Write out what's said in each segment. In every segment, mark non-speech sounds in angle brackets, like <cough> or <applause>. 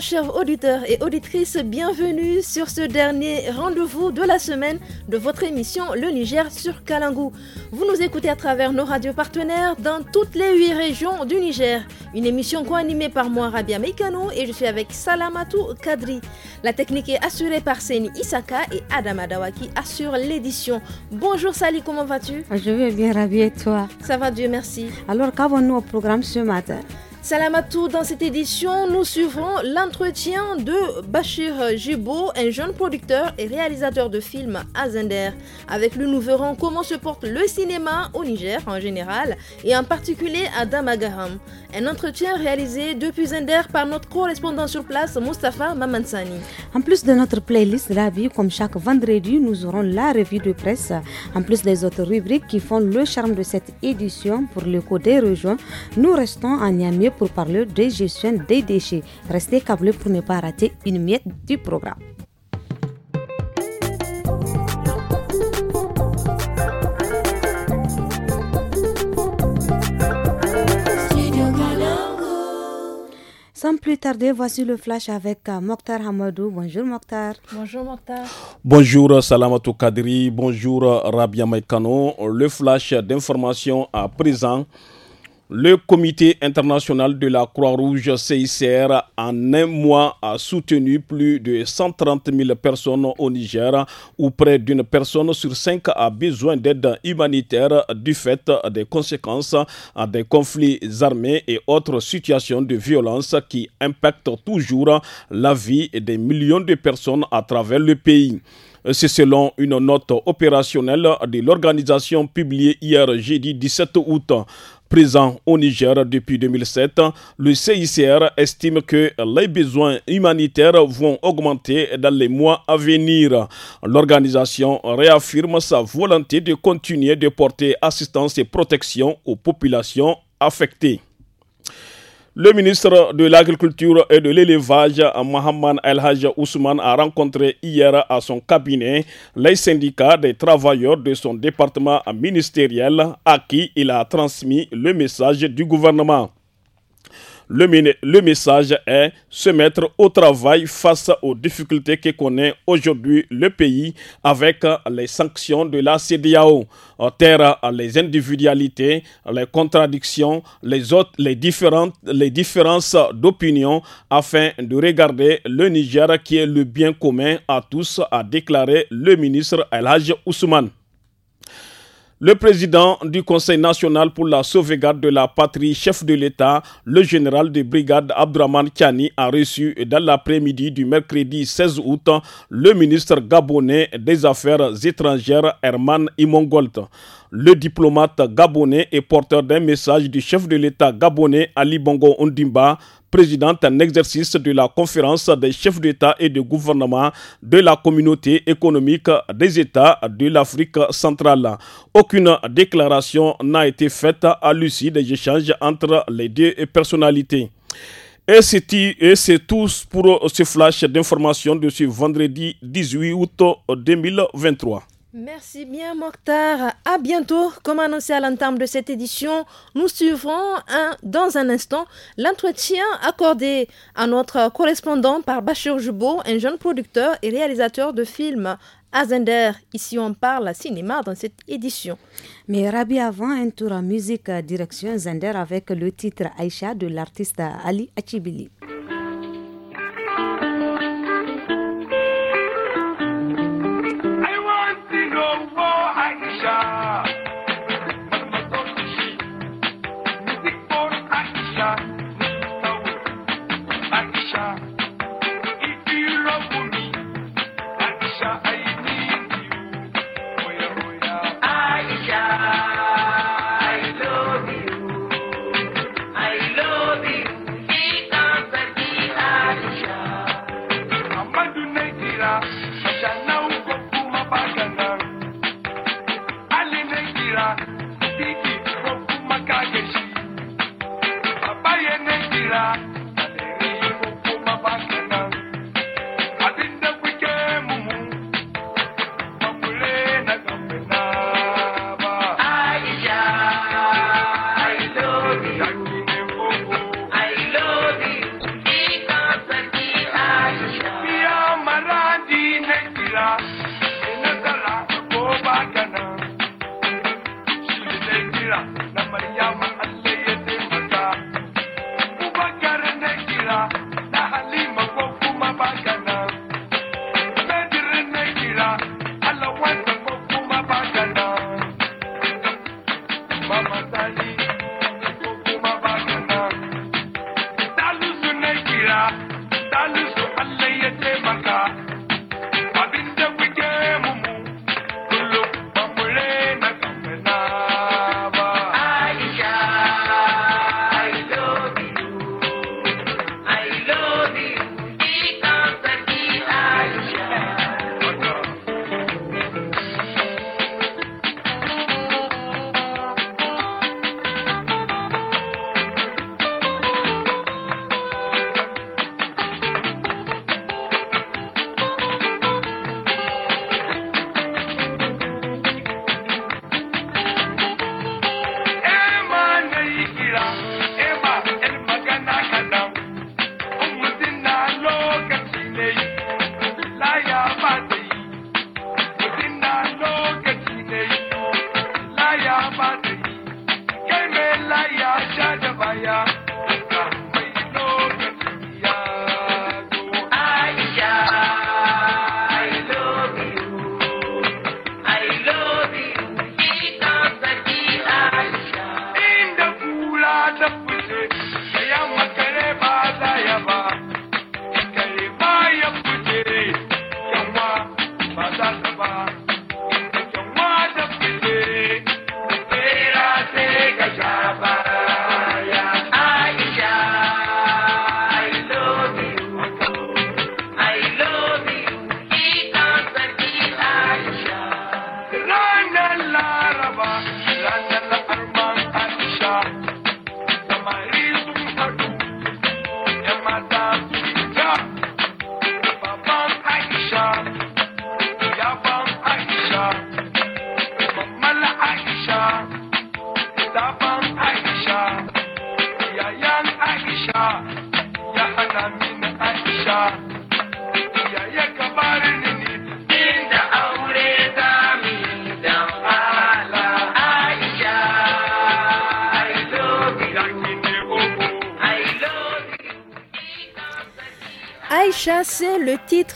chers auditeurs et auditrices, bienvenue sur ce dernier rendez-vous de la semaine de votre émission Le Niger sur Kalangou. Vous nous écoutez à travers nos radios partenaires dans toutes les huit régions du Niger. Une émission co-animée par moi, Rabia Meikano, et je suis avec Salamatou Kadri. La technique est assurée par Seni Isaka et Adama qui assure l'édition. Bonjour Sali, comment vas-tu Je vais bien, Rabia, et toi Ça va, Dieu merci. Alors, qu'avons-nous au programme ce matin Salam à tous. Dans cette édition, nous suivrons l'entretien de Bachir Jibo, un jeune producteur et réalisateur de films à Zender. Avec lui, nous verrons comment se porte le cinéma au Niger en général et en particulier à Damagaram. Un entretien réalisé depuis Zender par notre correspondant sur place, Mustafa Mamansani. En plus de notre playlist La Vie, comme chaque vendredi, nous aurons la revue de presse, en plus des autres rubriques qui font le charme de cette édition pour le des rejoint, Nous restons à Niamey pour parler de gestion des déchets. Restez câblés pour ne pas rater une miette du programme. Sans plus tarder, voici le flash avec euh, Mokhtar Hamadou. Bonjour Mokhtar. Bonjour Mokhtar. Bonjour Salamatou Kadri. Bonjour Rabia Maïkano. Le flash d'information à présent. Le comité international de la Croix-Rouge CICR en un mois a soutenu plus de 130 000 personnes au Niger où près d'une personne sur cinq a besoin d'aide humanitaire du fait des conséquences des conflits armés et autres situations de violence qui impactent toujours la vie des millions de personnes à travers le pays. C'est selon une note opérationnelle de l'organisation publiée hier jeudi 17 août. Présent au Niger depuis 2007, le CICR estime que les besoins humanitaires vont augmenter dans les mois à venir. L'organisation réaffirme sa volonté de continuer de porter assistance et protection aux populations affectées. Le ministre de l'Agriculture et de l'Élevage, Mohamed El hajja Ousmane, a rencontré hier à son cabinet les syndicats des travailleurs de son département ministériel à qui il a transmis le message du gouvernement. Le, message est se mettre au travail face aux difficultés que connaît aujourd'hui le pays avec les sanctions de la CDAO. Terre les individualités, les contradictions, les, autres, les, différentes, les différences d'opinion afin de regarder le Niger qui est le bien commun à tous, a déclaré le ministre Hadj Ousmane. Le président du Conseil national pour la sauvegarde de la patrie, chef de l'État, le général de brigade Abdraman Kiani, a reçu dans l'après-midi du mercredi 16 août le ministre gabonais des Affaires étrangères Herman Imongolt. Le diplomate gabonais est porteur d'un message du chef de l'État gabonais Ali Bongo Ondimba, président en exercice de la conférence des chefs d'État et de gouvernement de la communauté économique des États de l'Afrique centrale. Aucune déclaration n'a été faite à l'issue des échanges entre les deux personnalités. Et c'est tout pour ce flash d'information de ce vendredi 18 août 2023. Merci bien Mokhtar. À bientôt. Comme annoncé à l'entame de cette édition, nous suivrons dans un instant l'entretien accordé à notre correspondant par Bachir Jubo, un jeune producteur et réalisateur de films Azender. Ici, on parle cinéma dans cette édition. Mais Rabi, avant un tour en musique euh, direction Zender avec le titre Aïcha de l'artiste Ali Achibili. from Halima ko kuma baka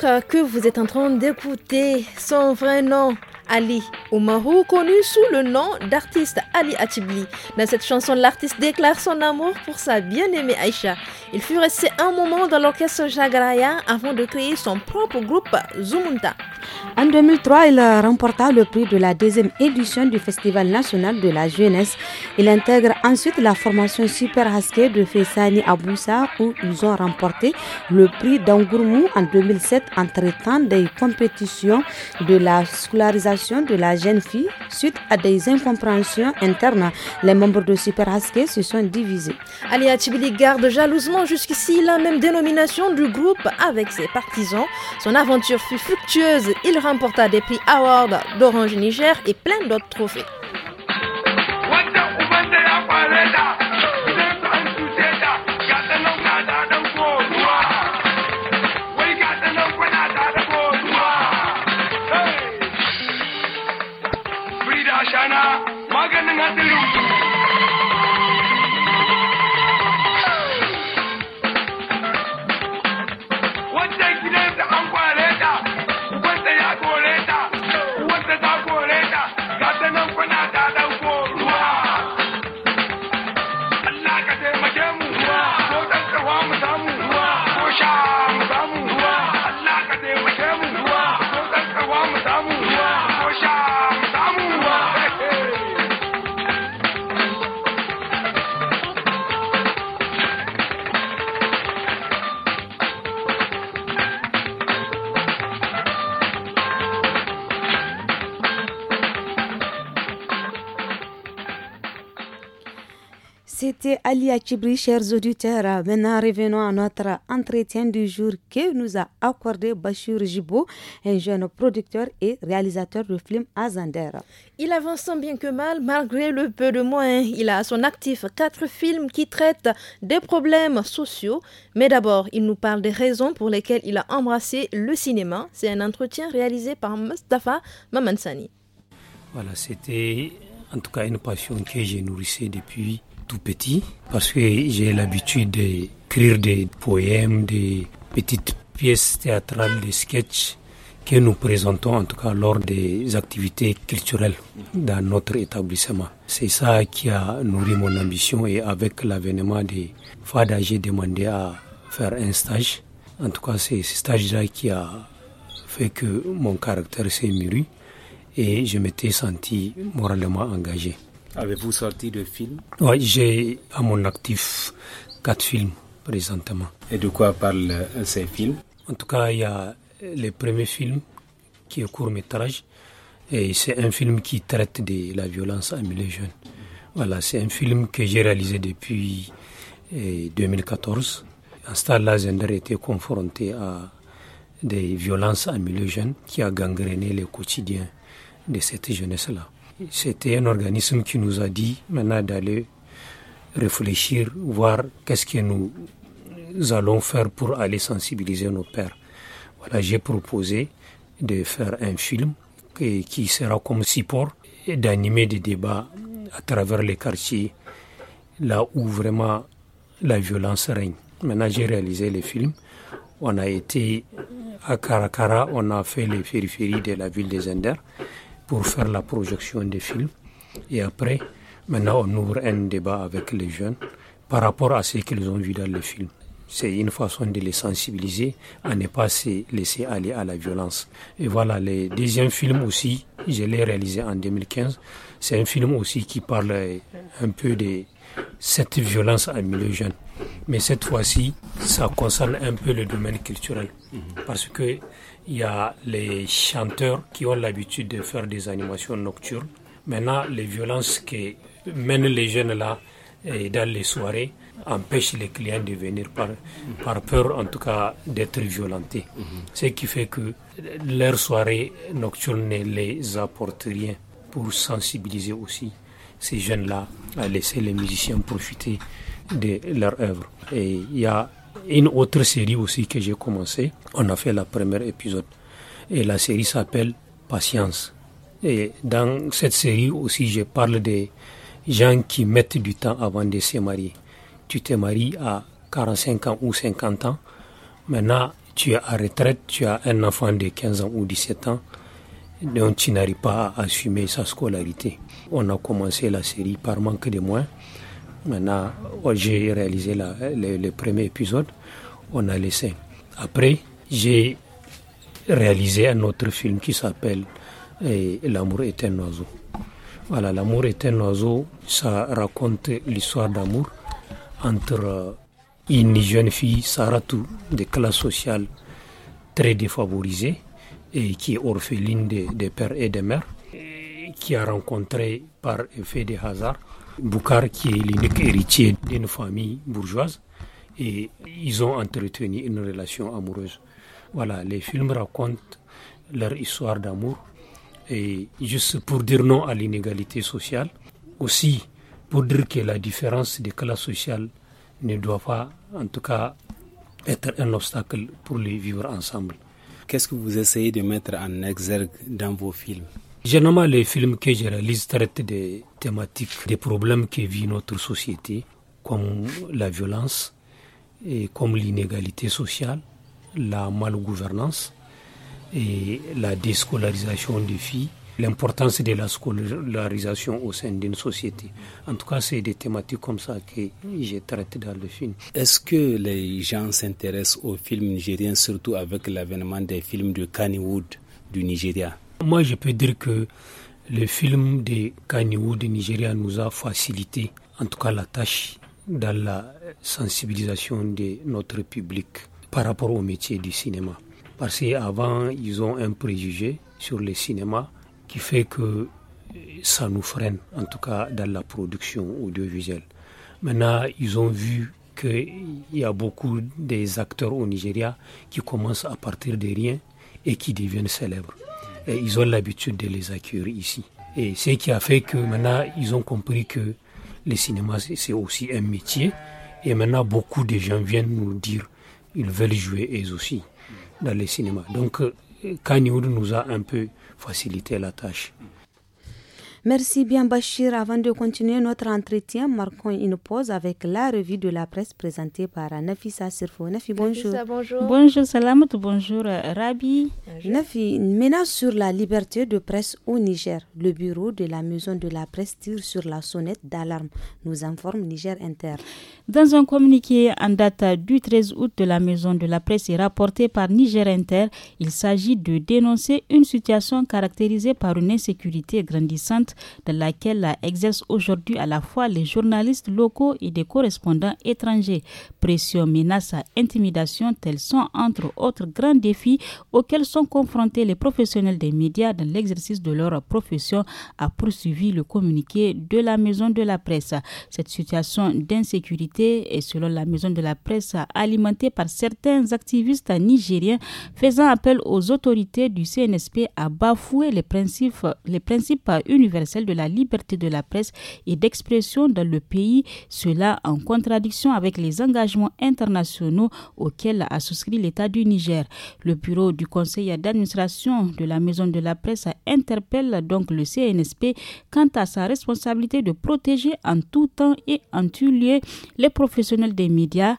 Euh, que vous êtes en train d'écouter son vrai nom, Ali Oumarou, connu sous le nom d'artiste Ali Atibli. Dans cette chanson, l'artiste déclare son amour pour sa bien-aimée Aïcha. Il fut resté un moment dans l'orchestre Jagraya avant de créer son propre groupe Zumunta. En 2003, il remporta le prix de la deuxième édition du Festival national de la jeunesse. Il intègre ensuite la formation Super Haske de Fessani Aboussa où ils ont remporté le prix d'Angourmou en 2007 en traitant des compétitions de la scolarisation de la jeune fille suite à des incompréhensions internes. Les membres de Super Haske se sont divisés. Alia Tchibili garde jalousement jusqu'ici la même dénomination du groupe avec ses partisans. Son aventure fut fructueuse il remporta des prix Award d'Orange Niger et plein d'autres trophées. Ali Akibri, chers auditeurs. Maintenant, revenons à notre entretien du jour que nous a accordé Bachir Jibo, un jeune producteur et réalisateur de films à Il avance bien que mal, malgré le peu de moyens. Il a à son actif quatre films qui traitent des problèmes sociaux. Mais d'abord, il nous parle des raisons pour lesquelles il a embrassé le cinéma. C'est un entretien réalisé par Mustafa Mamansani. Voilà, c'était en tout cas une passion que j'ai nourrissée depuis tout petit parce que j'ai l'habitude d'écrire des poèmes, des petites pièces théâtrales, des sketchs que nous présentons en tout cas lors des activités culturelles dans notre établissement. C'est ça qui a nourri mon ambition et avec l'avènement des FADA, j'ai demandé à faire un stage. En tout cas, c'est ce stage-là qui a fait que mon caractère s'est mûri et je m'étais senti moralement engagé. Avez-vous sorti de films Oui, j'ai à mon actif quatre films présentement. Et de quoi parlent euh, ces films En tout cas, il y a le premier film qui est court métrage. Et c'est un film qui traite de la violence à milieu jeune. Voilà, c'est un film que j'ai réalisé depuis 2014. Eh, en ce là j'ai été confronté à des violences en milieu jeune qui a gangréné le quotidien de cette jeunesse-là. C'était un organisme qui nous a dit maintenant d'aller réfléchir, voir qu'est-ce que nous allons faire pour aller sensibiliser nos pères. Voilà, j'ai proposé de faire un film qui sera comme support et d'animer des débats à travers les quartiers, là où vraiment la violence règne. Maintenant, j'ai réalisé le film. On a été à Caracara, on a fait les périphéries de la ville des Inders pour faire la projection des films. Et après, maintenant, on ouvre un débat avec les jeunes par rapport à ce qu'ils ont vu dans les films. C'est une façon de les sensibiliser à ne pas se laisser aller à la violence. Et voilà, le deuxième film aussi, je l'ai réalisé en 2015. C'est un film aussi qui parle un peu de cette violence à milieu jeune. Mais cette fois-ci, ça concerne un peu le domaine culturel. Mhm. Parce que il y a les chanteurs qui ont l'habitude de faire des animations nocturnes. Maintenant, les violences que mènent les jeunes là et dans les soirées empêchent les clients de venir par, par peur, en tout cas, d'être violentés. Mhm. Ce qui fait que leur soirée nocturne ne les apporte rien pour sensibiliser aussi ces jeunes-là à laisser les musiciens profiter de leur œuvre. Et il y a une autre série aussi que j'ai commencé. On a fait la première épisode. Et la série s'appelle Patience. Et dans cette série aussi, je parle des gens qui mettent du temps avant de se marier. Tu te maries à 45 ans ou 50 ans. Maintenant, tu es à retraite, tu as un enfant de 15 ans ou 17 ans. Donc, tu n'arrives pas à assumer sa scolarité. On a commencé la série par manque de moi ». Maintenant, oh, j'ai réalisé le, premier épisode, on a laissé. Après, j'ai réalisé un autre film qui s'appelle eh, L'amour est un oiseau. Voilà, L'amour est un oiseau, ça raconte l'histoire d'amour entre euh, une jeune fille, Saratou, de classe sociale très défavorisée, et qui est orpheline des de pères et des mères, qui a rencontré par effet de hasard Boukar, qui est l'unique héritier d'une famille bourgeoise, et ils ont entretenu une relation amoureuse. Voilà, les films racontent leur histoire d'amour, et juste pour dire non à l'inégalité sociale, aussi pour dire que la différence des classes sociales ne doit pas, en tout cas, être un obstacle pour les vivre ensemble. Qu'est-ce que vous essayez de mettre en exergue dans vos films Généralement, les films que je réalise traitent des thématiques, des problèmes que vit notre société, comme la violence, et comme l'inégalité sociale, la malgouvernance et la déscolarisation des filles, l'importance de la scolarisation au sein d'une société. En tout cas, c'est des thématiques comme ça que j'ai traite dans le film. Est-ce que les gens s'intéressent aux films nigériens, surtout avec l'avènement des films de Wood du Nigeria moi, je peux dire que le film de Kanyewu de Nigeria nous a facilité, en tout cas, la tâche dans la sensibilisation de notre public par rapport au métier du cinéma. Parce qu'avant, ils ont un préjugé sur le cinéma qui fait que euh, ça nous freine, en tout cas dans la production audiovisuelle. Maintenant, ils ont vu qu'il y a beaucoup des acteurs au Nigeria qui commencent à partir de rien et qui deviennent célèbres et ils ont l'habitude de les accueillir ici. Et ce qui a fait que maintenant, ils ont compris que le cinéma, c'est aussi un métier. Et maintenant, beaucoup de gens viennent nous dire ils veulent jouer eux aussi dans les cinémas. Donc, euh, Kanyoud nous a un peu facilité la tâche. Merci bien Bachir. Avant de continuer notre entretien, marquons une pause avec la revue de la presse présentée par Nafisa Sirfo. Nafi, bonjour. Nafisa, bonjour. Bonjour Salamat, bonjour Rabi. Bonjour. une menace sur la liberté de presse au Niger. Le bureau de la maison de la presse tire sur la sonnette d'alarme, nous informe Niger Inter. Dans un communiqué en date du 13 août de la maison de la presse et rapporté par Niger Inter, il s'agit de dénoncer une situation caractérisée par une insécurité grandissante dans laquelle exercent aujourd'hui à la fois les journalistes locaux et des correspondants étrangers. Pression, menaces, intimidation, tels sont entre autres grands défis auxquels sont confrontés les professionnels des médias dans l'exercice de leur profession, a poursuivi le communiqué de la maison de la presse. Cette situation d'insécurité est, selon la maison de la presse, alimentée par certains activistes nigériens faisant appel aux autorités du CNSP à bafouer les principes, les principes universitaires celle de la liberté de la presse et d'expression dans le pays, cela en contradiction avec les engagements internationaux auxquels a souscrit l'État du Niger. Le bureau du conseil d'administration de la Maison de la Presse interpelle donc le CNSP quant à sa responsabilité de protéger en tout temps et en tout lieu les professionnels des médias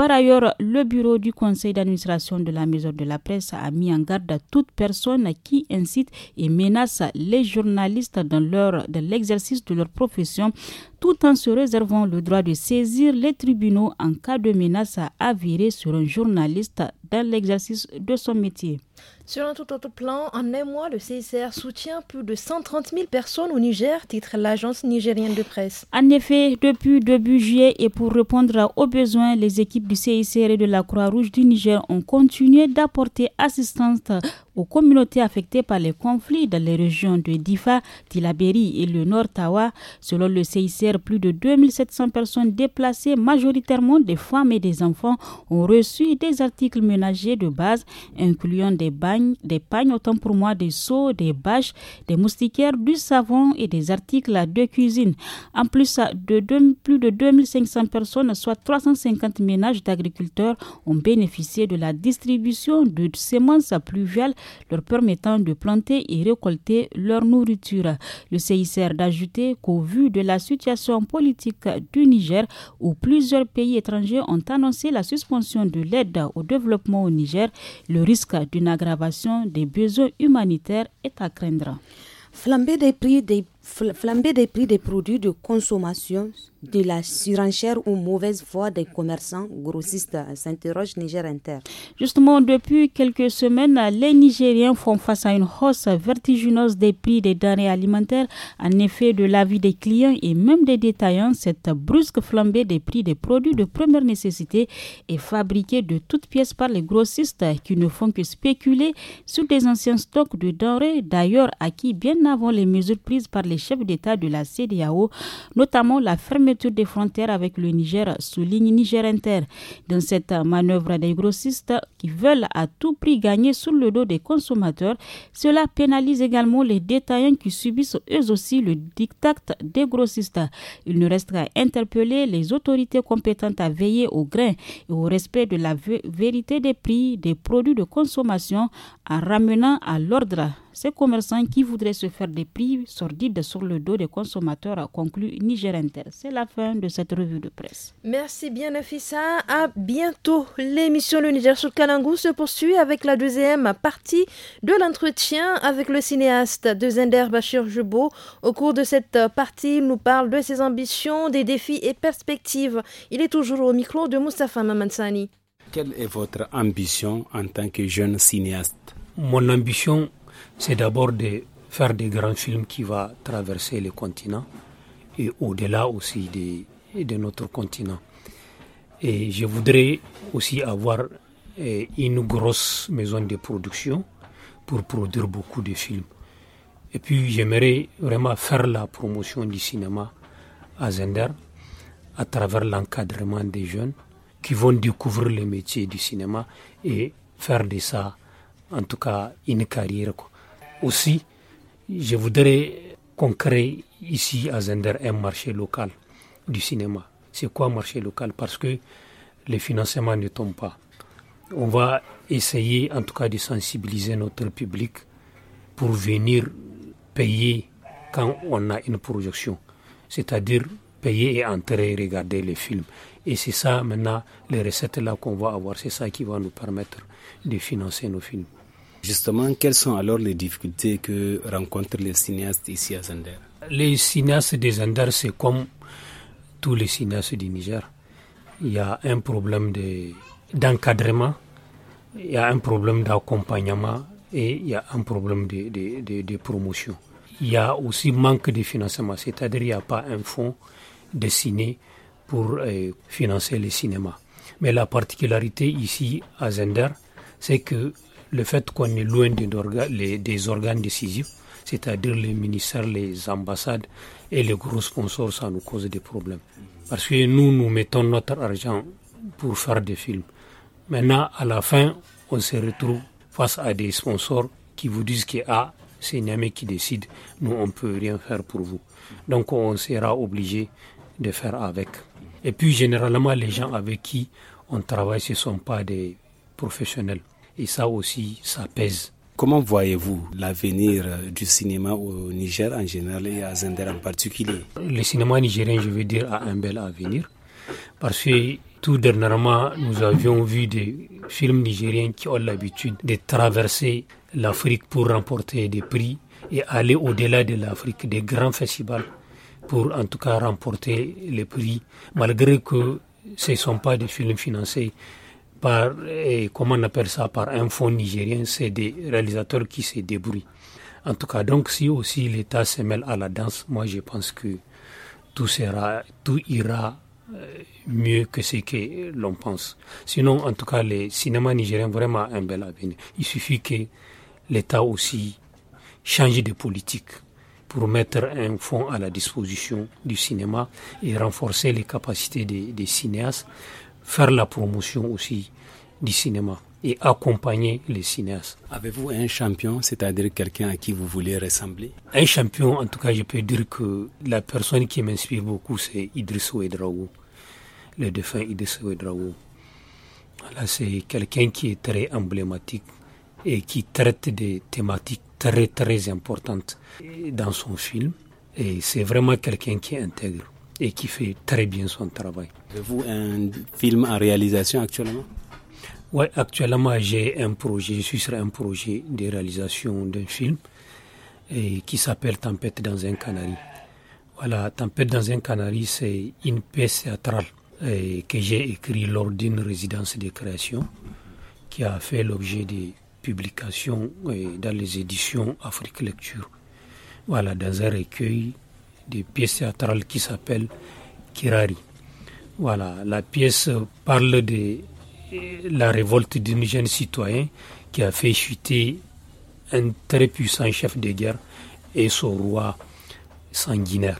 par ailleurs, le bureau du conseil d'administration de la maison de la presse a mis en garde toute personne qui incite et menace les journalistes dans l'exercice de leur profession tout en se réservant le droit de saisir les tribunaux en cas de menace avérée sur un journaliste dans l'exercice de son métier. Selon tout autre plan, en un mois, le CICR soutient plus de 130 000 personnes au Niger, titre l'agence nigérienne de presse. En effet, depuis début juillet et pour répondre aux besoins, les équipes du CICR et de la Croix-Rouge du Niger ont continué d'apporter assistance aux communautés affectées par les conflits dans les régions de Difa, Tilaberi et le Nord Tawa. Selon le CICR, plus de 2700 personnes déplacées, majoritairement des femmes et des enfants, ont reçu des articles ménagers de base, incluant des bagnes, des pagnes, autant pour moi des seaux, des bâches, des moustiquaires, du savon et des articles de cuisine. En plus, de plus de 2500 personnes, soit 350 ménages d'agriculteurs, ont bénéficié de la distribution de semences pluviales leur permettant de planter et récolter leur nourriture. Le CICR d'ajouter qu'au vu de la situation politique du Niger, où plusieurs pays étrangers ont annoncé la suspension de l'aide au développement au Niger, le risque d'une aggravation des besoins humanitaires est à craindre. Flambée des prix des flamber des prix des produits de consommation, de la surenchère ou mauvaise foi des commerçants grossistes, s'interroge Niger Inter. Justement, depuis quelques semaines, les Nigériens font face à une hausse vertigineuse des prix des denrées alimentaires. En effet, de l'avis des clients et même des détaillants, cette brusque flambée des prix des produits de première nécessité est fabriquée de toutes pièces par les grossistes qui ne font que spéculer sur des anciens stocks de denrées, d'ailleurs acquis bien avant les mesures prises par les chefs d'État de la CDAO, notamment la fermeture des frontières avec le Niger, souligne Niger Inter. Dans cette manœuvre des grossistes qui veulent à tout prix gagner sous le dos des consommateurs, cela pénalise également les détaillants qui subissent eux aussi le diktat des grossistes. Il ne reste qu'à interpeller les autorités compétentes à veiller au grain et au respect de la vérité des prix des produits de consommation en ramenant à l'ordre ces commerçants qui voudraient se faire des prix sordides sur le dos des consommateurs, a conclu Niger Inter. C'est la fin de cette revue de presse. Merci bien, Afissa. À bientôt. L'émission Le Niger sur Kalangou se poursuit avec la deuxième partie de l'entretien avec le cinéaste de Zender Bachir jubo Au cours de cette partie, il nous parle de ses ambitions, des défis et perspectives. Il est toujours au micro de Moustapha Mamansani. Quelle est votre ambition en tant que jeune cinéaste Mon ambition, c'est d'abord de faire des grands films qui vont traverser le continent et au-delà aussi de, notre continent. Et je voudrais aussi avoir eh, une grosse maison de production pour produire beaucoup de films. Et puis j'aimerais vraiment faire la promotion du cinéma à Zender à travers l'encadrement des jeunes qui vont découvrir le métier du cinéma et faire de ça, en tout cas, une carrière aussi, je voudrais qu'on crée ici à Zender un marché local du cinéma. C'est quoi un marché local Parce que les financements ne tombent pas. On va essayer en tout cas de sensibiliser notre public pour venir payer quand on a une projection. C'est-à-dire payer et entrer et regarder les films. Et c'est ça maintenant, les recettes là qu'on va avoir, c'est ça qui va nous permettre de financer nos films. Justement, quelles sont alors les difficultés que rencontrent les cinéastes ici à Zender Les cinéastes de Zender, c'est comme tous les cinéastes du Niger. Il y a un problème d'encadrement, il y a un problème d'accompagnement et il y a un problème de, promotion. Il y a aussi manque de financement, c'est-à-dire qu'il n'y a pas un fonds destiné pour euh, financer les cinémas. Mais la particularité ici à Zender, c'est que le fait qu'on est loin des, organes décisifs, c'est-à-dire les ministères, les ambassades et les gros sponsors, ça nous cause des problèmes. Parce que nous, nous mettons notre argent pour faire des films. Maintenant, à la fin, on se retrouve face à des sponsors qui vous disent que ah, c'est Niamey qui décide, nous, on ne peut rien faire pour vous. Donc, on sera obligé de faire avec. Et puis, généralement, les gens avec qui on travaille, ce ne sont pas des professionnels. Et ça aussi, ça pèse. Comment voyez-vous l'avenir du cinéma au Niger en général et à Zender en particulier Le cinéma nigérien, je veux dire, a un bel avenir. Parce que tout dernièrement, nous avions vu des films nigériens qui ont l'habitude de traverser l'Afrique pour remporter des prix et aller au-delà de l'Afrique, des grands festivals, pour en tout cas remporter les prix, malgré que ce ne sont pas des films financés par, et eh, comment on appelle ça, par un fonds nigérien, c'est des réalisateurs qui se débrouillent. En tout cas, donc si aussi l'État se mêle à la danse, moi je pense que tout sera, tout ira euh, mieux que ce que l'on pense. Sinon, en tout cas, le cinéma nigérien vraiment un bel avenir. Il suffit que l'État aussi change de politique pour mettre un fonds à la disposition du cinéma et renforcer les capacités des, des cinéastes faire la promotion aussi du cinéma et accompagner les cinéastes. Avez-vous un champion, c'est-à-dire quelqu'un à qui vous voulez ressembler Un champion, en tout cas, je peux dire que la personne qui m'inspire beaucoup, c'est Idris Ouedraou le défunt Idris Ouedraou c'est quelqu'un qui est très emblématique et qui traite des thématiques très très importantes dans son film. Et c'est vraiment quelqu'un qui intègre et qui fait très bien son travail. Avez-vous un film en réalisation actuellement Oui, actuellement j'ai un projet, je suis sur un projet de réalisation d'un film qui s'appelle Tempête dans un canari. Voilà, Tempête dans un canari, c'est une pièce théâtrale que j'ai écrite lors d'une résidence de création qui a fait l'objet de publications dans les éditions Afrique Lecture. Voilà, dans un recueil de pièces théâtrales qui s'appelle Kirari. Voilà, la pièce parle de la révolte d'un jeune citoyen qui a fait chuter un très puissant chef de guerre et son roi sanguinaire.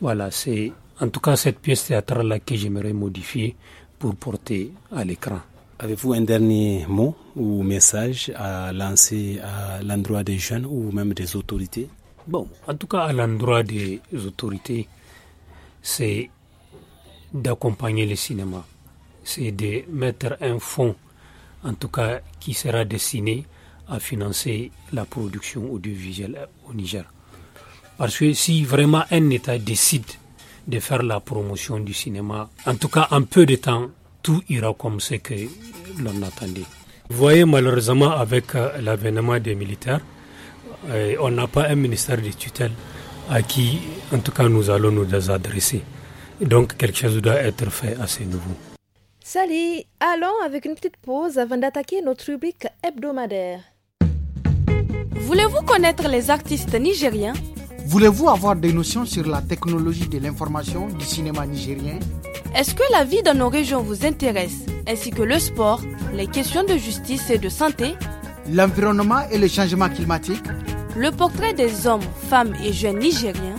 Voilà, c'est en tout cas cette pièce théâtrale que j'aimerais modifier pour porter à l'écran. Avez-vous un dernier mot ou message à lancer à l'endroit des jeunes ou même des autorités Bon, en tout cas à l'endroit des autorités, c'est d'accompagner le cinéma. C'est de mettre un fonds, en tout cas, qui sera destiné à financer la production audiovisuelle au Niger. Parce que si vraiment un État décide de faire la promotion du cinéma, en tout cas en peu de temps, tout ira comme ce que l'on attendait. Vous voyez, malheureusement, avec euh, l'avènement des militaires, euh, on n'a pas un ministère de tutelle à qui, en tout cas, nous allons nous adresser donc quelque chose doit être fait assez nouveau. Salut, allons avec une petite pause avant d'attaquer notre rubrique hebdomadaire. Voulez-vous connaître les artistes nigériens Voulez-vous avoir des notions sur la technologie de l'information du cinéma nigérien Est-ce que la vie dans nos régions vous intéresse, ainsi que le sport, les questions de justice et de santé L'environnement et le changement climatique Le portrait des hommes, femmes et jeunes nigériens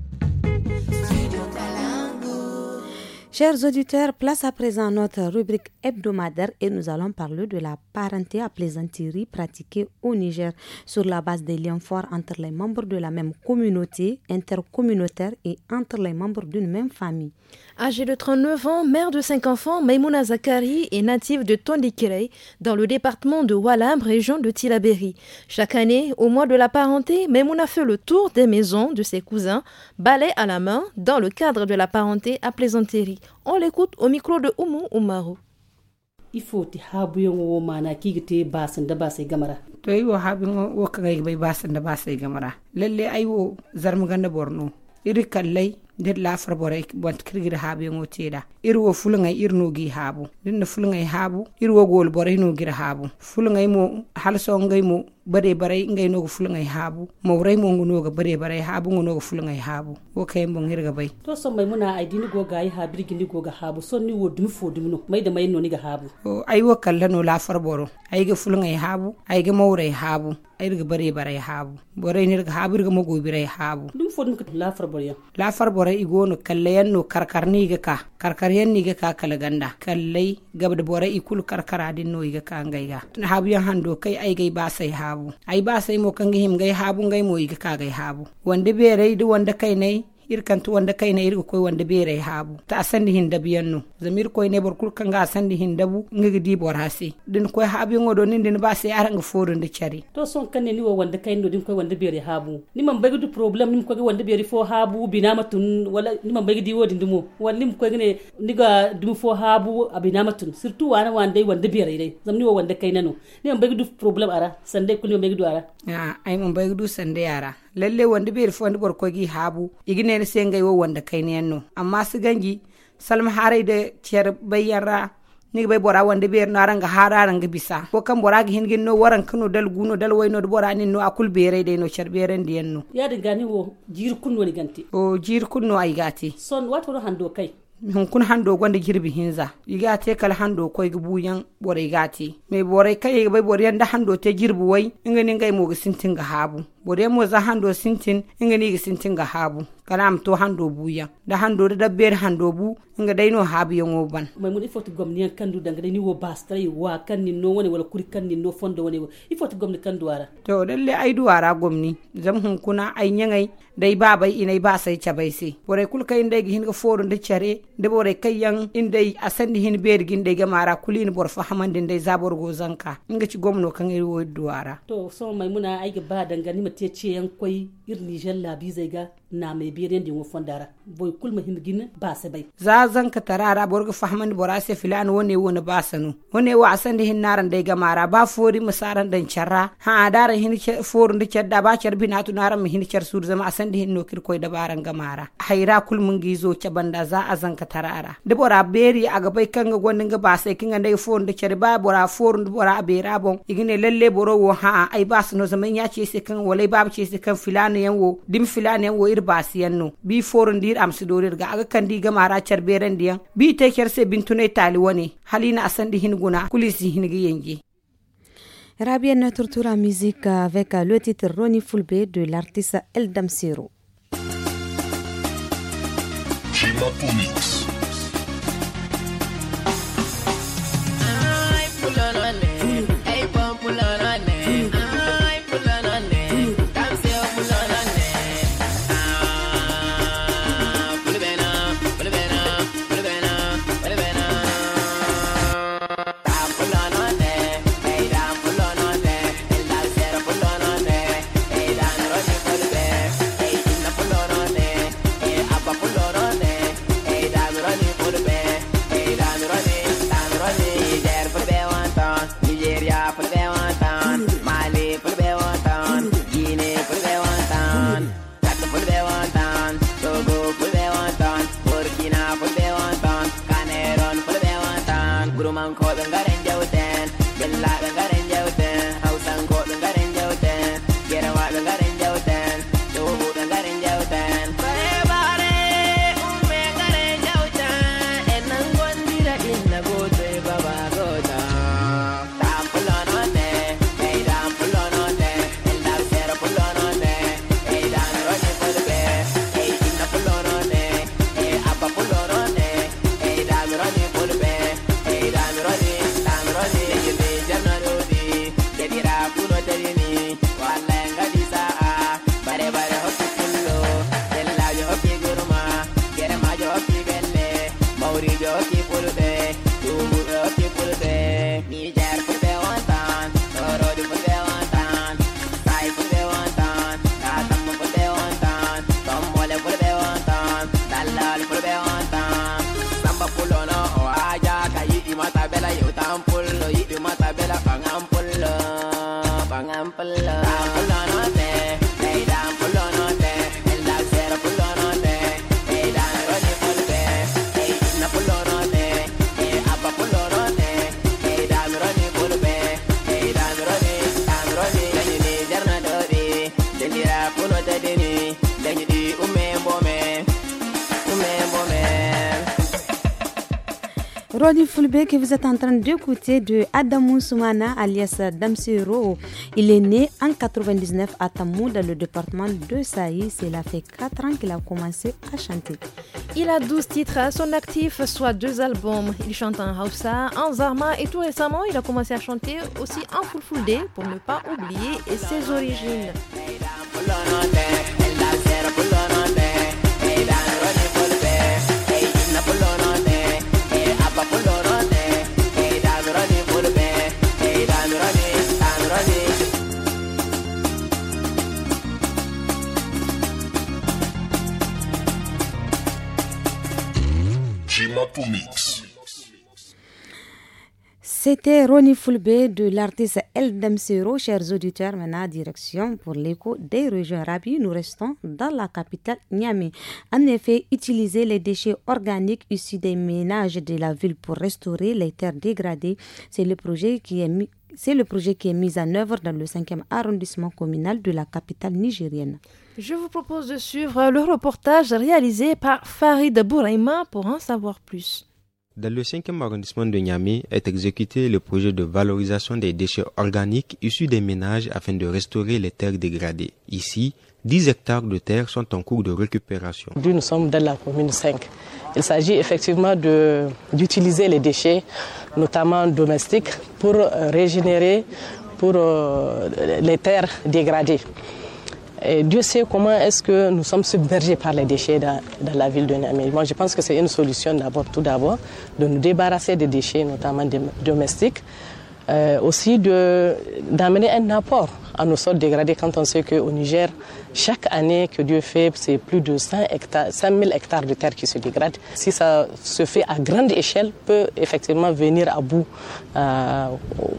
Chers auditeurs, place à présent notre rubrique hebdomadaire et nous allons parler de la parenté à plaisanterie pratiquée au Niger sur la base des liens forts entre les membres de la même communauté intercommunautaire et entre les membres d'une même famille. Âgée de 39 ans, mère de 5 enfants, Maimouna Zakari est native de Tondikirei, dans le département de Walam, région de Tilaberi. Chaque année, au mois de la parenté, Maimouna fait le tour des maisons de ses cousins, balai à la main, dans le cadre de la parenté à plaisanterie. On l'écoute au micro de Oumou Oumaru. il faut que habuyon wo mana kiga te basan da gamara toy yi wo habin wo kaga bai basan gamara lalle ai wo zarmu ganda borno iri dir lafar borai want e kirgir habe ngo teda irwo fulngai irno haabu habu dinna fulngai haabu irwo gol borai no gir habu mo halso ngai mo bare bare ngai no fulngai habu maurai mo ngono ga bare bare haabu ngono ga fulngai habu wo kay mo ngirga bai to so mai muna ai dini go gai ha birgi ni go ga habu so ni wo dum fo dum no mai da mai no ni ga habu o ai wo kallano lafar boro ai ga fulngai habu ai ga maurai habu ai bare bare haabu borai ni ga habu ga mo go dum fo dum ka lafar ya lafar boro borai igono kallayanno karkarniga ka karkaryanni iga ka kala ganda kallai gabda borai ikul karkara dinno iga ka ngaiga habu hando kai ai gai habu ai basai mo kan him gai habu gai mo iga ka gay habu wanda berai du wanda kay nai irkantu wanda kaina irga koi wanda bere habu ta asandi hinda biyanno zamir koi ne bor kul ga asandi hinda bu ngi di bor hasi din koi habi ngodo nin din ba aran aranga fodo nda cari to son ne ni wo wanda no din koi wanda bere habu ni man baygu du problem ni koi wanda bere fo habu binama tun wala ni man baygu di din dumo wala ni koi ne ni ga dum fo habu abinama tun surtout wana wanda wanda bere dai zamni wo wanda kaina no ni man baygu du problem ara sande kulni man du ara a ai man baygu du sande ara lalle wonde bai fo wanda barkogi habu igine ne sai ngai wanda kai amma su gangi salm harai da tiyar bayyara ni bora wanda bai na ranga bisa ko kan bora hingin no waran kano dal guno dal wayno bora ni no akul bere no char beren di yanno ya diga ni wo jir kunno ni ganti o jir kunno ay gati son what hando kai hunkun hando gwanda girbi hinza iga te kala hando koy gubu Boregati. bore gati me bore kai bai bore yanda hando te girbu wai ingani ngai mo ga sintin ga habu bore mo hando sintin ingani ga sintin habu kalam to hando buya da hando da dabbe hando bu nga dayno haabu yo ban Mai mun ifoti gomni yan kandu da ngani wo yi wa kanni no woni wala kuri kanni no fondo woni ifoti gomni kandu wara to dalle ay duwara gomni zam hun kuna ay nyangay day babay inay sai cabay se wore kul kay ndey hin ga fodo de chare de wore kay yang indey asandi hin beer gin de gamara kulin bor fa hamande ndey zabor go zanka nga ci gomno kan ay wo duwara to so may muna ay ga ba danga ni mate ce yang koy irni jalla bi zai ga na mai biren de wofon dara boy kul mahim gin ba sa bai za zan ka tarara borgo fahman borase filan wone wona basanu wone wa asan hin naran dai gamara ba fori musaran dan charra ha dara hin forun da cedda ba cer binatu naran mi hin cer sur zama asan hin nokir koy dabaran gamara haira kul mun gizo ce banda za a zan ka tarara da bora beri a gabai kan ga gwanin ga ba sai kinga dai forun da cer ba bora forun da bora bera bon igine lalle boro wo ha ai basano zaman ya ce sai kan walai ba ce sai kan filan yan wo dim filan yan wo baasiyaŋ no bi forun a ma si iri ga aga kan diga mara charberen beerandiyaŋ bii te wane hala i wani a asandi hin guna kulisi hin gi yengi Rabia notre tour à musique avec le titre Fulbe de l'artiste Eldam Siro. Buruman ko dan garen jautan Belak dan garen jautan Rodi Fulbe que vous êtes en train d'écouter de Adamou Soumana alias Damsiro. Il est né en 99 à Tamou dans le département de il a fait 4 ans qu'il a commencé à chanter. Il a 12 titres à son actif, soit deux albums. Il chante en Hausa, en Zarma et tout récemment il a commencé à chanter aussi en Fulfulde pour ne pas oublier ses origines. C'était Ronnie Fulbe de l'artiste Eldem Chers auditeurs, maintenant direction pour l'écho des régions arabes, Nous restons dans la capitale Niamey. En effet, utiliser les déchets organiques issus des ménages de la ville pour restaurer les terres dégradées, c'est le projet qui est mis c'est le projet qui est mis en œuvre dans le 5e arrondissement communal de la capitale nigérienne. Je vous propose de suivre le reportage réalisé par Farid Bouraima pour en savoir plus. Dans le 5e arrondissement de Niamey est exécuté le projet de valorisation des déchets organiques issus des ménages afin de restaurer les terres dégradées. Ici, 10 hectares de terres sont en cours de récupération. Nous, sommes dans la commune 5. Il s'agit effectivement d'utiliser les déchets, notamment domestiques, pour euh, régénérer pour euh, les terres dégradées. Dieu sait comment est-ce que nous sommes submergés par les déchets dans, la ville de Niamey. Moi, je pense que c'est une solution d'abord, tout d'abord, de nous débarrasser des déchets, notamment domestiques, euh, aussi d'amener un apport à nos sols dégradés quand on sait qu'au Niger, chaque année que Dieu fait, c'est plus de 100 hectares, 5 000 hectares de terre qui se dégradent. Si ça se fait à grande échelle, peut effectivement venir à bout euh,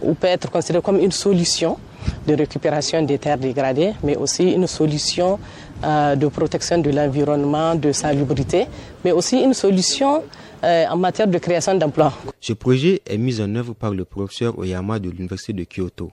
ou peut être considéré comme une solution de récupération des terres dégradées, mais aussi une solution euh, de protection de l'environnement, de salubrité, mais aussi une solution euh, en matière de création d'emplois. Ce projet est mis en œuvre par le professeur Oyama de l'Université de Kyoto.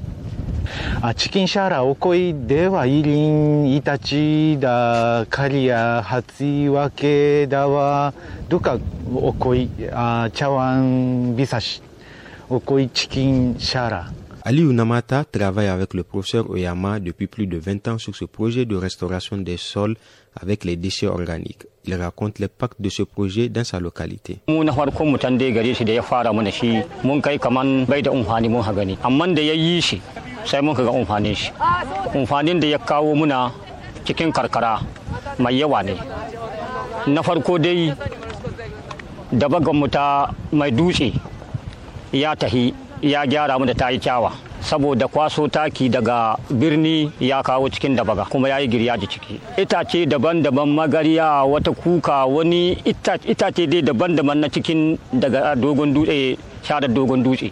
Ali Unamata travaille avec le professeur Oyama depuis plus de 20 ans sur ce projet de restauration des sols avec les déchets organiques. Il raconte l'impact de ce projet dans sa localité. saboda kwaso taki daga birni ya kawo cikin dabaga kuma ya yi giryaji ciki itace daban-daban magariya wata kuka wani itace dai daban-daban na cikin daga dogon dutse shadar dogon dutse.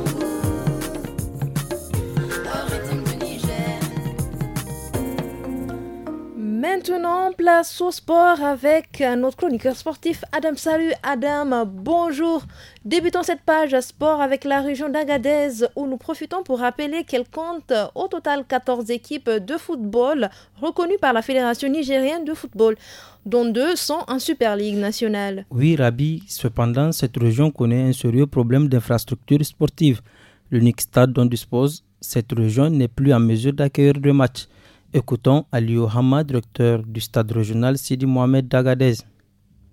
Maintenant, place au sport avec notre chroniqueur sportif Adam. Salut Adam, bonjour. Débutons cette page sport avec la région d'Agadez où nous profitons pour rappeler qu'elle compte au total 14 équipes de football reconnues par la Fédération nigérienne de football, dont deux sont en Super League nationale. Oui, Rabi, cependant, cette région connaît un sérieux problème d'infrastructure sportive. L'unique stade dont dispose cette région n'est plus en mesure d'accueillir deux matchs. Écoutons Aliou Hama, directeur du stade régional Sidi Mohamed d'Agadez.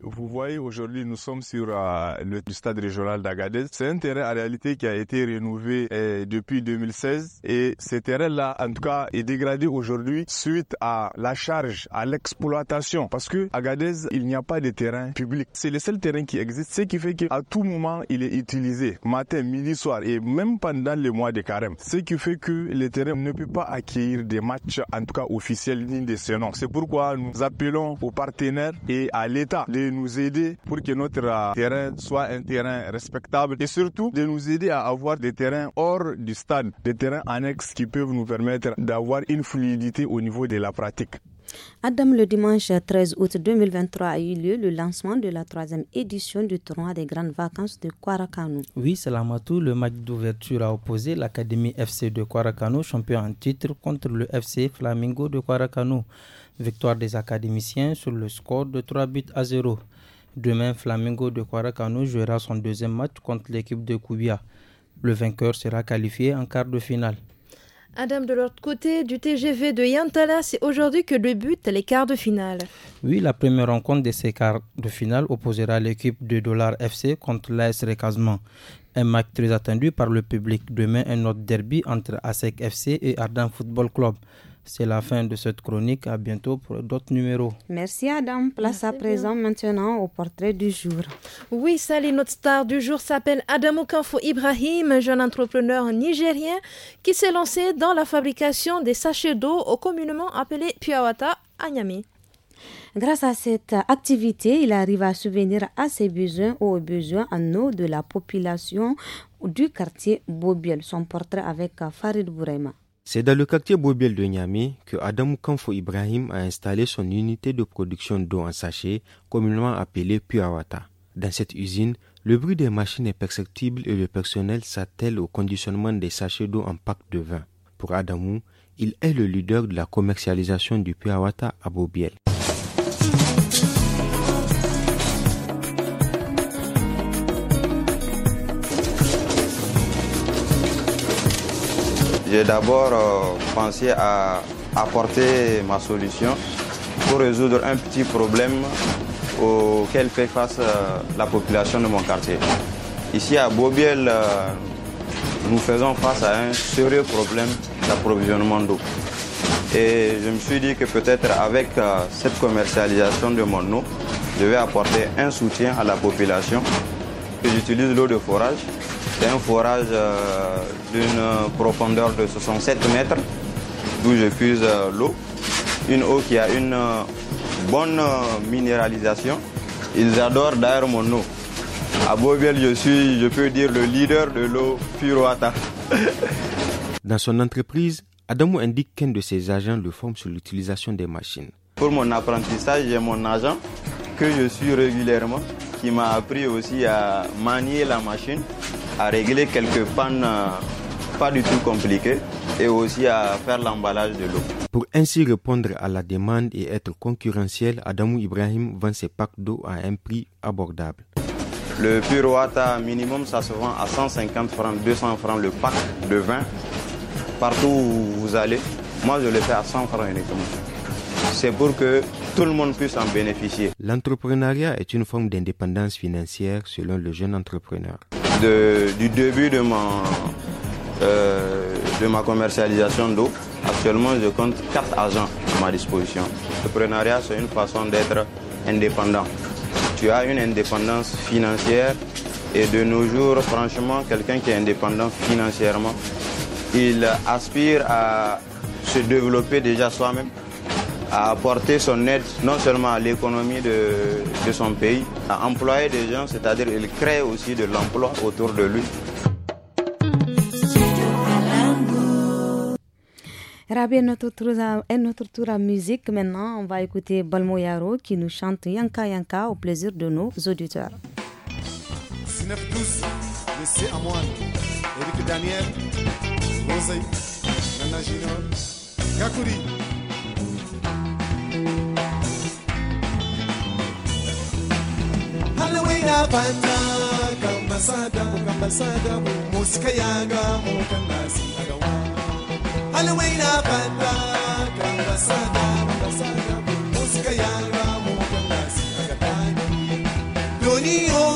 Vous voyez, aujourd'hui, nous sommes sur euh, le stade régional d'Agadez. C'est un terrain, en réalité, qui a été rénové euh, depuis 2016. Et ce terrain-là, en tout cas, est dégradé aujourd'hui suite à la charge, à l'exploitation. Parce que Agadez, il n'y a pas de terrain public. C'est le seul terrain qui existe, ce qui fait qu'à tout moment, il est utilisé. Matin, midi, soir et même pendant les mois de carême. Ce qui fait que le terrain ne peut pas accueillir des matchs, en tout cas officiels, ni de ce nom. C'est pourquoi nous appelons aux partenaires et à l'État de nous aider pour que notre euh, terrain soit un terrain respectable et surtout de nous aider à avoir des terrains hors du stade, des terrains annexes qui peuvent nous permettre d'avoir une fluidité au niveau de la pratique. Adam, le dimanche 13 août 2023 a eu lieu le lancement de la troisième édition du tournoi des grandes vacances de Kwarakano. Oui, c'est la Matou. Le match d'ouverture a opposé l'Académie FC de Kwarakano, champion en titre, contre le FC Flamingo de Kwarakano. Victoire des académiciens sur le score de 3 buts à 0. Demain, Flamingo de Quaracano jouera son deuxième match contre l'équipe de Kubia. Le vainqueur sera qualifié en quart de finale. Adam, de l'autre côté du TGV de Yantala, c'est aujourd'hui que débutent les quarts de finale. Oui, la première rencontre de ces quarts de finale opposera l'équipe de Dollar FC contre l'AS Recasement. Un match très attendu par le public. Demain, un autre derby entre ASEC FC et Ardan Football Club. C'est la fin de cette chronique. À bientôt pour d'autres numéros. Merci Adam. Place à présent maintenant au portrait du jour. Oui, salut, notre star du jour s'appelle Adam Okanfo Ibrahim, jeune entrepreneur nigérien qui s'est lancé dans la fabrication des sachets d'eau, au communement appelé Piawata à Niamey. Grâce à cette activité, il arrive à subvenir à ses besoins ou aux besoins en eau de la population du quartier Bobiel. Son portrait avec Farid Bourema. C'est dans le quartier Bobiel de Niamey que Adam Kamfo Ibrahim a installé son unité de production d'eau en sachet, communément appelée Puawata. Dans cette usine, le bruit des machines est perceptible et le personnel s'attelle au conditionnement des sachets d'eau en pack de vin. Pour Adamou, il est le leader de la commercialisation du Puawata à Bobiel. J'ai d'abord euh, pensé à apporter ma solution pour résoudre un petit problème auquel fait face euh, la population de mon quartier. Ici à Bobiel, euh, nous faisons face à un sérieux problème d'approvisionnement d'eau. Et je me suis dit que peut-être avec cette commercialisation de mon eau, je vais apporter un soutien à la population J'utilise l'eau de forage. C'est un forage euh, d'une profondeur de 67 mètres d'où je fuse euh, l'eau. Une eau qui a une euh, bonne minéralisation. Ils adorent d'ailleurs mon eau. À Beauville, je suis, je peux dire, le leader de l'eau Puroata. <laughs> Dans son entreprise, Adamo indique qu'un de ses agents le forme sur l'utilisation des machines. Pour mon apprentissage, j'ai mon agent que je suis régulièrement qui m'a appris aussi à manier la machine, à régler quelques pannes euh, pas du tout compliquées et aussi à faire l'emballage de l'eau. Pour ainsi répondre à la demande et être concurrentiel, Adamou Ibrahim vend ses packs d'eau à un prix abordable. Le pur minimum, ça se vend à 150 francs, 200 francs le pack de vin. Partout où vous allez, moi je le fais à 100 francs uniquement. C'est pour que tout le monde puisse en bénéficier. L'entrepreneuriat est une forme d'indépendance financière selon le jeune entrepreneur. du début de, euh, de ma commercialisation d'eau, actuellement je compte quatre agents à ma disposition. L'entrepreneuriat, c'est une façon d'être indépendant. Tu as une indépendance financière et de nos jours, franchement, quelqu'un qui est indépendant financièrement, il aspire à se développer déjà soi-même à apporter son aide non seulement à l'économie de, son pays, à employer des gens, c'est-à-dire il crée aussi de l'emploi autour de lui. Rabia, notre tour, notre tour à musique. Maintenant, on va écouter Balmo Yaro qui nous chante Yanka Yanka au plaisir de nos auditeurs. Daniel, halwai na fanta kan basada kan basada mu muska ya ga mu kan nasi a gawa halwai na fanta kan basada mu basada mu muska ya ga mu kan nasi a gawa doniyo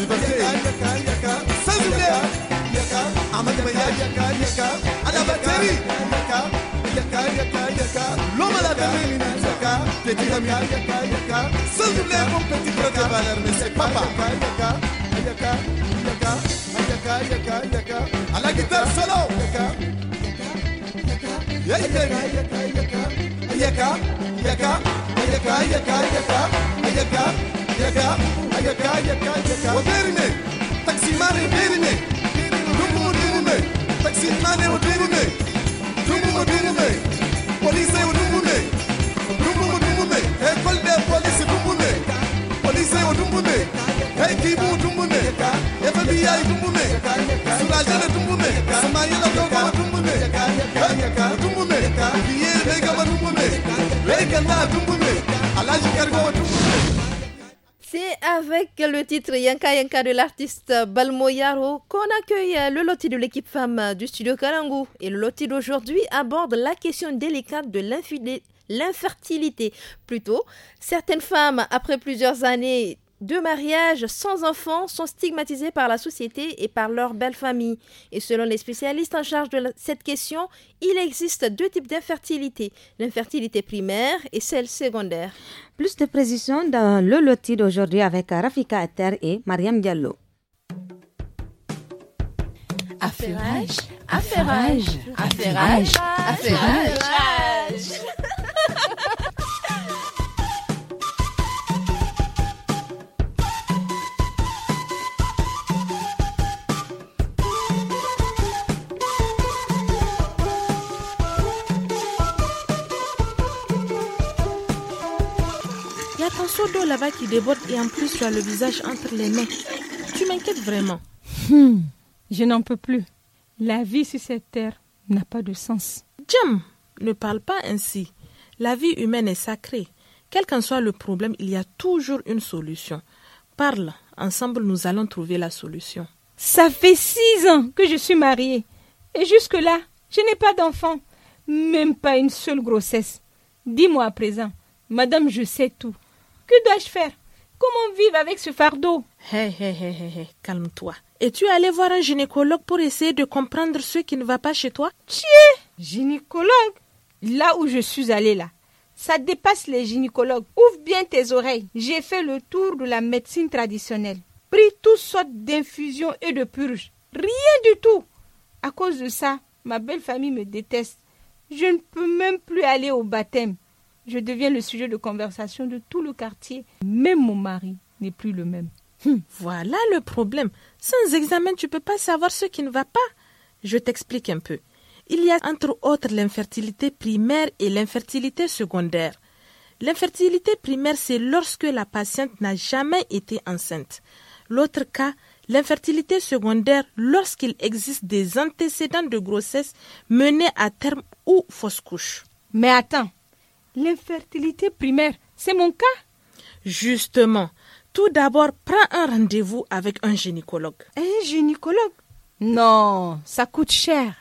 البرسيم سلم عملت مياج انا بتري لو ما لا تمين تتيها ميا سلم لي كم بتيجي تبالر نسي بابا على جدار سلام يا يا يا يا يا وديرني تاكسي ماني وديرني جمبو وديرني تاكسي ماني وديرني جمبو وديرني بوليسي ودمبوني جمبو ودمبوني هاي كل ده بوليسي دمبوني بوليسي ودمبوني هاي كيبو ودمبوني اف بي اي ودمبوني سولاجانا ودمبوني سمايلا دوبا ودمبوني ودمبوني بيير ليغا ودمبوني ليغا لا ودمبوني علاجي كارغو ودمبوني avec le titre Yanka Yanka de l'artiste Balmoyaro qu'on accueille le loti de l'équipe femme du studio Kalangu. Et le loti d'aujourd'hui aborde la question délicate de l'infertilité. Plutôt, certaines femmes, après plusieurs années deux mariages sans enfants sont stigmatisés par la société et par leur belle famille. Et selon les spécialistes en charge de cette question, il existe deux types d'infertilité, l'infertilité primaire et celle secondaire. Plus de précisions dans le loti d'aujourd'hui avec Rafika Ater et Mariam Diallo. affaire qui déborde et en plus tu as le visage entre les mains. Tu m'inquiètes vraiment. Hmm, je n'en peux plus. La vie sur cette terre n'a pas de sens. Jim, ne parle pas ainsi. La vie humaine est sacrée. Quel qu'en soit le problème, il y a toujours une solution. Parle, ensemble nous allons trouver la solution. Ça fait six ans que je suis mariée. Et jusque-là, je n'ai pas d'enfant. Même pas une seule grossesse. Dis-moi à présent, madame, je sais tout. Que dois-je faire Comment vivre avec ce fardeau Hé, hé, hé, hé, calme-toi. es tu allé voir un gynécologue pour essayer de comprendre ce qui ne va pas chez toi Tiens Gynécologue Là où je suis allée, là. Ça dépasse les gynécologues. Ouvre bien tes oreilles. J'ai fait le tour de la médecine traditionnelle. Pris toutes sortes d'infusions et de purges. Rien du tout. À cause de ça, ma belle famille me déteste. Je ne peux même plus aller au baptême. Je deviens le sujet de conversation de tout le quartier. Même mon mari n'est plus le même. Hmm, voilà le problème. Sans examen, tu peux pas savoir ce qui ne va pas. Je t'explique un peu. Il y a entre autres l'infertilité primaire et l'infertilité secondaire. L'infertilité primaire, c'est lorsque la patiente n'a jamais été enceinte. L'autre cas, l'infertilité secondaire, lorsqu'il existe des antécédents de grossesse menés à terme ou fausse couche. Mais attends, l'infertilité primaire. C'est mon cas Justement, tout d'abord, prends un rendez-vous avec un gynécologue. Un gynécologue Non, ça coûte cher.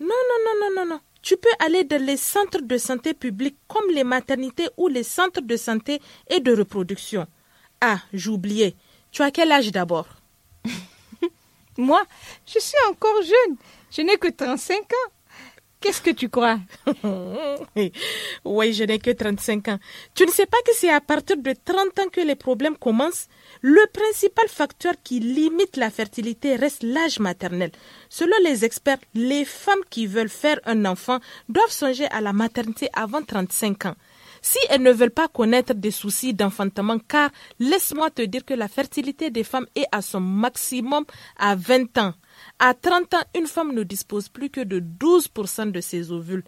Non, non, non, non, non, non. Tu peux aller dans les centres de santé publics comme les maternités ou les centres de santé et de reproduction. Ah, j'oubliais. Tu as quel âge d'abord <laughs> Moi, je suis encore jeune. Je n'ai que 35 ans. Qu'est-ce que tu crois <laughs> Oui, je n'ai que 35 ans. Tu ne sais pas que c'est à partir de 30 ans que les problèmes commencent Le principal facteur qui limite la fertilité reste l'âge maternel. Selon les experts, les femmes qui veulent faire un enfant doivent songer à la maternité avant 35 ans. Si elles ne veulent pas connaître des soucis d'enfantement, car laisse-moi te dire que la fertilité des femmes est à son maximum à 20 ans. À 30 ans, une femme ne dispose plus que de 12% de ses ovules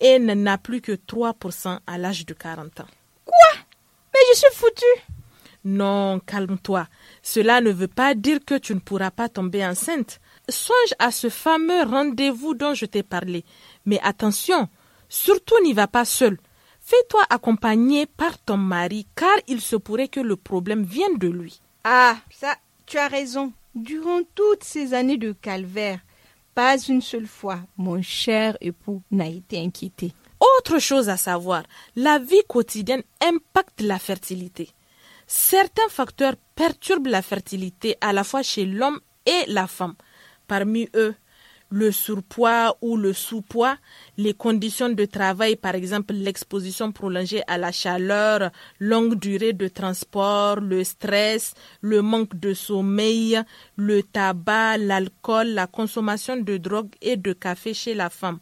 et n'a plus que 3% à l'âge de 40 ans. Quoi Mais je suis foutue Non, calme-toi. Cela ne veut pas dire que tu ne pourras pas tomber enceinte. Songe à ce fameux rendez-vous dont je t'ai parlé. Mais attention, surtout n'y va pas seule. Fais-toi accompagner par ton mari car il se pourrait que le problème vienne de lui. Ah, ça, tu as raison. Durant toutes ces années de calvaire, pas une seule fois, mon cher époux n'a été inquiété. Autre chose à savoir, la vie quotidienne impacte la fertilité. Certains facteurs perturbent la fertilité à la fois chez l'homme et la femme. Parmi eux, le surpoids ou le sous-poids, les conditions de travail, par exemple l'exposition prolongée à la chaleur, longue durée de transport, le stress, le manque de sommeil, le tabac, l'alcool, la consommation de drogue et de café chez la femme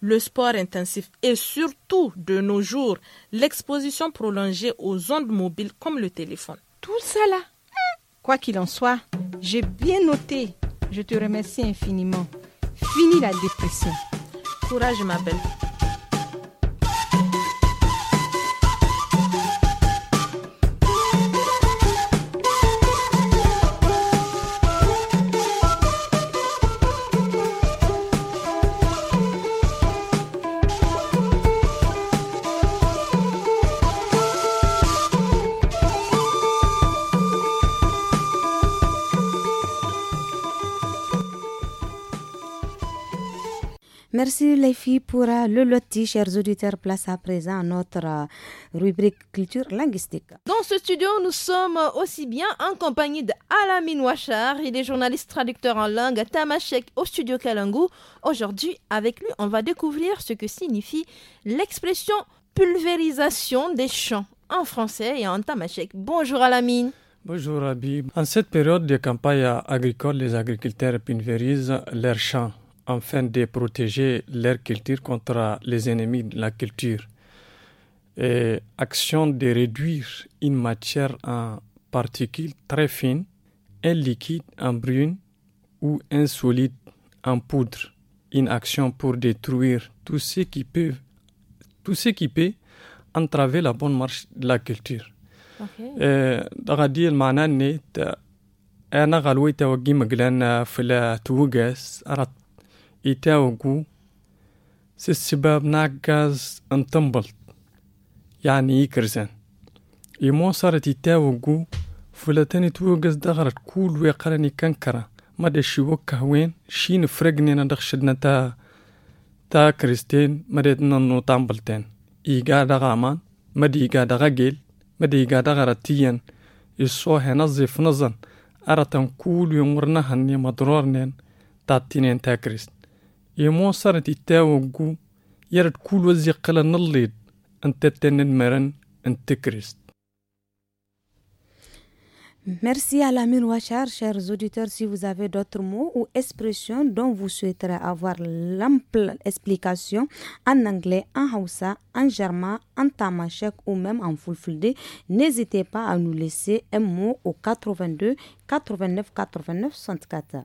le sport intensif et surtout de nos jours l'exposition prolongée aux ondes mobiles comme le téléphone. Tout cela. quoi qu'il en soit, j'ai bien noté. Je te remercie infiniment. Fini la dépression. Courage ma belle. Merci les filles pour euh, le loti, chers auditeurs. Place à présent notre euh, rubrique culture linguistique. Dans ce studio, nous sommes aussi bien en compagnie d'Alamine Wachar, Il est journaliste traducteur en langue à Tamashek au studio Kalangu. Aujourd'hui, avec lui, on va découvrir ce que signifie l'expression pulvérisation des champs en français et en tamashek. Bonjour Alamine. Bonjour Abib. En cette période de campagne agricole, les agriculteurs pulvérisent leurs champs afin de protéger leur culture contre les ennemis de la culture. Et action de réduire une matière en particules très fines, un liquide en brune ou un solide en poudre. Une action pour détruire tout ce qui peut, tout ce qui entraver la bonne marche de la culture. يتاوقوا سي السباب نعكاز يعني يكرزان يمو صارت يتاوقوا فلتاني توقز دغرت كول ويقراني كنكرا مدى شيوكه وين شين فرقني انا دخشدنا تا تا كريستين مديتنا نو تنبلتين إيقا دغامان مدي إيقا دغاقيل مدي إيقا دغرتيا يسوه نظيف نظن أرتن كل هني مدرورنين تاتينين تا كريست Merci à la Wachar, chers auditeurs. Si vous avez d'autres mots ou expressions dont vous souhaiterez avoir l'ample explication en anglais, en hausa, en germain, en tamashek ou même en fulfulde, n'hésitez pas à nous laisser un mot au 82 89 89 64.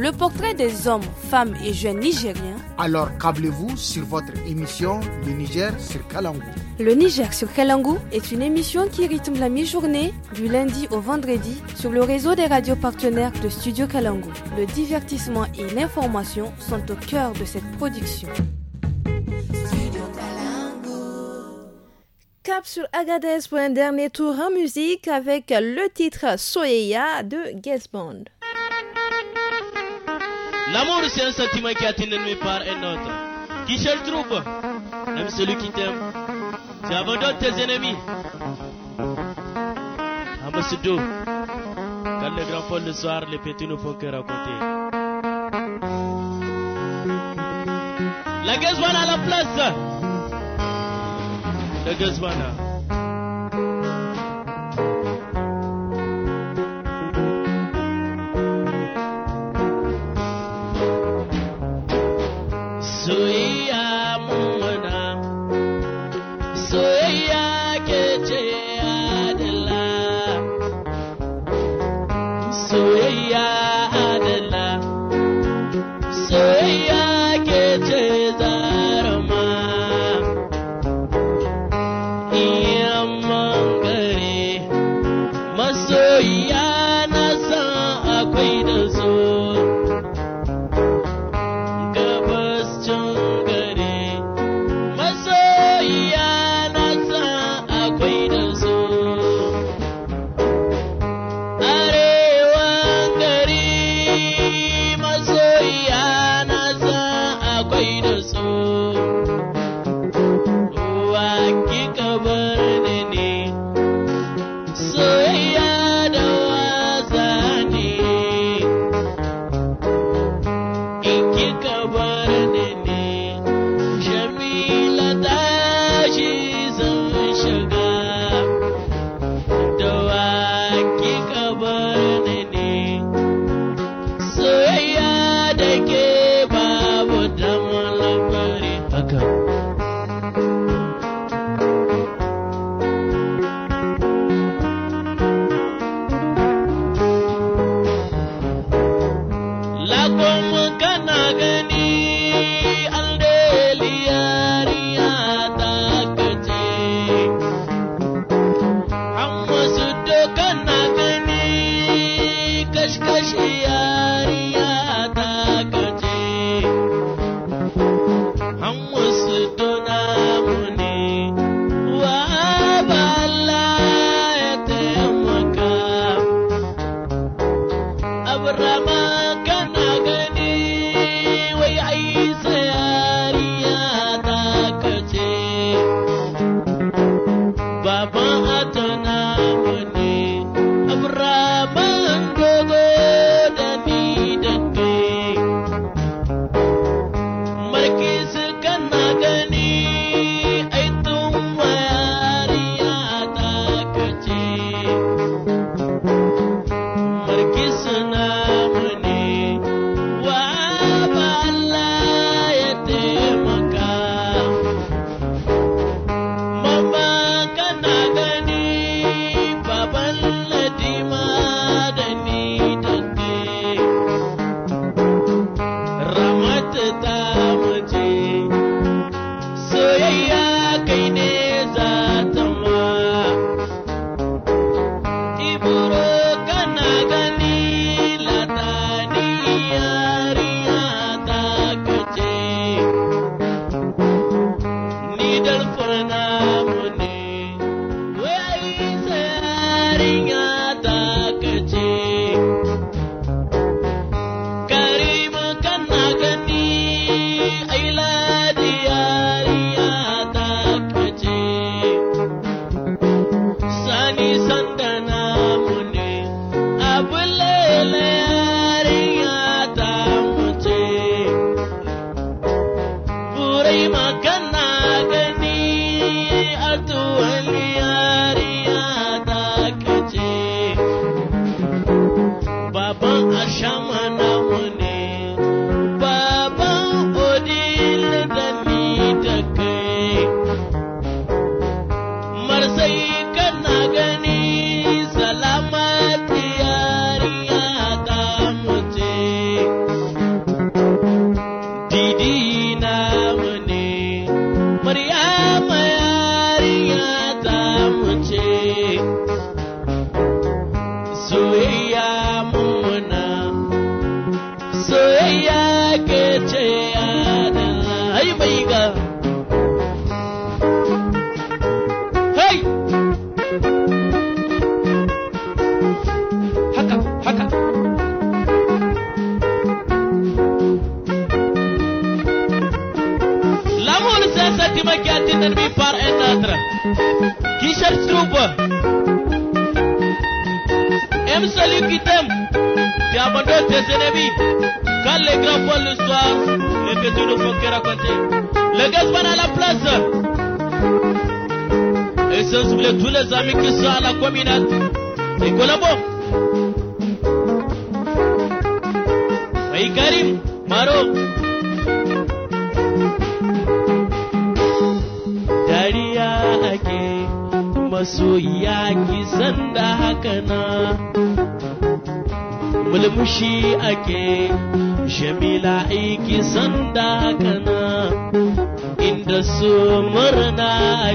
le portrait des hommes, femmes et jeunes nigériens. Alors câblez-vous sur votre émission Le Niger sur Kalangou. Le Niger sur Kalangou est une émission qui rythme la mi-journée du lundi au vendredi sur le réseau des radios partenaires de Studio Kalangou. Le divertissement et l'information sont au cœur de cette production. Cap sur Agadez pour un dernier tour en musique avec le titre Soyeya de Guess L'amour, c'est un sentiment qui atteint l'ennemi par un autre. Qui cherche trouve, même celui qui t'aime. Tu abandonnes tes ennemis. Ambassadou, ah, quand le grand fond le soir, les petits ne font que raconter. La Gazwana à la place. La Gazwana.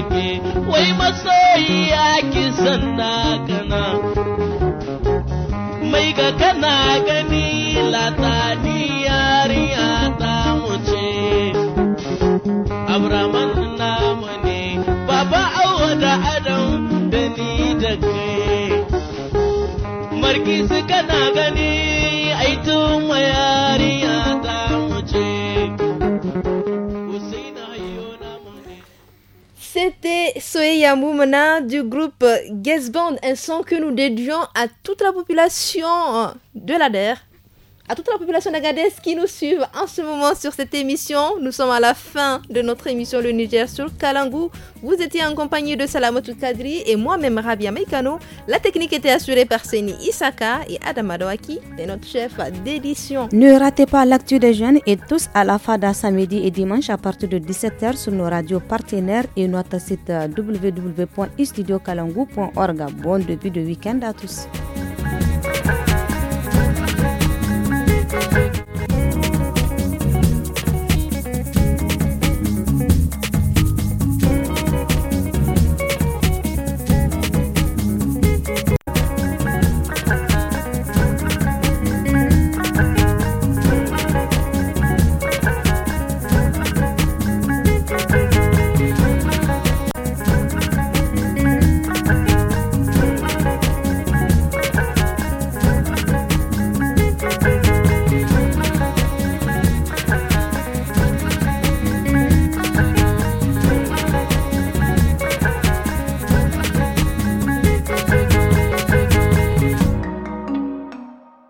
ke wai masoyiya ki sanna kana mai ga kana gani latani yariya ta muce abraman namu ne baba awa da adam da ni da kai marki su kana gani aitun waya C'était Soeya Moumana du groupe Guessband, un son que nous dédions à toute la population de la terre à toute la population d'Agadez qui nous suivent en ce moment sur cette émission. Nous sommes à la fin de notre émission Le Niger sur Kalangou. Vous étiez en compagnie de Salamatou Kadri et moi-même Rabia Meikano. La technique était assurée par Seni Isaka et Adam Adouaki, et notre chef d'édition. Ne ratez pas l'actu des jeunes et tous à la FADA samedi et dimanche à partir de 17h sur nos radios partenaires et notre site www.istudiokalangou.org. Bon début de week-end à tous.